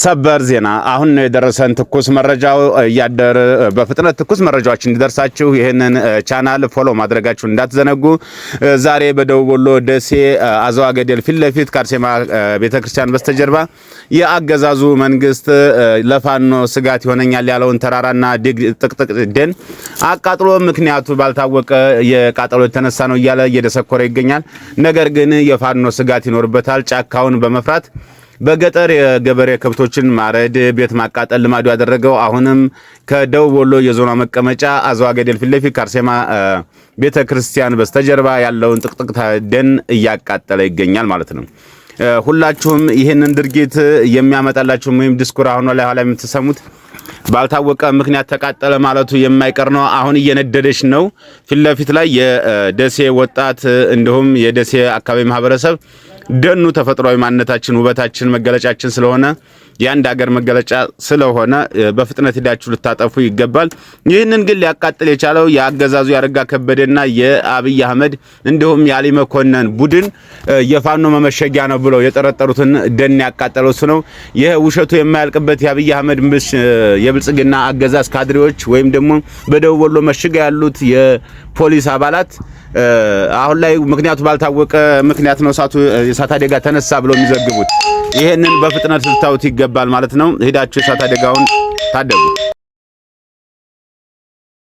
ሰበር ዜና አሁን የደረሰን። ትኩስ መረጃው እያደር በፍጥነት ትኩስ መረጃዎች እንዲደርሳችሁ ይህንን ቻናል ፎሎ ማድረጋችሁ እንዳትዘነጉ። ዛሬ በደቡብ ወሎ ደሴ አዘዋ ገደል ፊት ለፊት ቤተ ክርስቲያን በስተጀርባ የአገዛዙ መንግስት ለፋኖ ስጋት ይሆነኛል ያለውን ተራራና ጥቅጥቅ ደን አቃጥሎ ምክንያቱ ባልታወቀ የቃጠሎ የተነሳ ነው እያለ እየደሰኮረ ይገኛል። ነገር ግን የፋኖ ስጋት ይኖርበታል ጫካውን በመፍራት በገጠር የገበሬ ከብቶችን ማረድ፣ ቤት ማቃጠል ልማዱ ያደረገው አሁንም ከደቡብ ወሎ የዞኗ መቀመጫ አዘዋ ገደል ፊት ለፊት ቤተ ክርስቲያን በስተጀርባ ያለውን ጥቅጥቅ ደን እያቃጠለ ይገኛል ማለት ነው። ሁላችሁም ይህንን ድርጊት የሚያመጣላችሁም ወይም ዲስኩር አሁኗ ላይ ኋላ የምትሰሙት ባልታወቀ ምክንያት ተቃጠለ ማለቱ የማይቀር ነው። አሁን እየነደደች ነው። ፊት ለፊት ላይ የደሴ ወጣት እንዲሁም የደሴ አካባቢ ማህበረሰብ ደኑ ተፈጥሯዊ ማንነታችን፣ ውበታችን፣ መገለጫችን ስለሆነ የአንድ ሀገር መገለጫ ስለሆነ በፍጥነት ሄዳችሁ ልታጠፉ ይገባል። ይህንን ግን ሊያቃጥል የቻለው የአገዛዙ ያረጋ ከበደና የአብይ አህመድ እንዲሁም የአሊ መኮንን ቡድን የፋኖ መመሸጊያ ነው ብለው የጠረጠሩትን ደን ያቃጠለው እሱ ነው። ይህ ውሸቱ የማያልቅበት የአብይ አህመድ የብልጽግና አገዛዝ ካድሬዎች ወይም ደግሞ በደቡብ ወሎ መሽጋ ያሉት የፖሊስ አባላት አሁን ላይ ምክንያቱ ባልታወቀ ምክንያት ነው እሳቱ የእሳት አደጋ ተነሳ ብለው የሚዘግቡት ይህንን በፍጥነት ልታዩት ይገባል ማለት ነው። ሄዳችሁ የእሳት አደጋውን ታደጉ።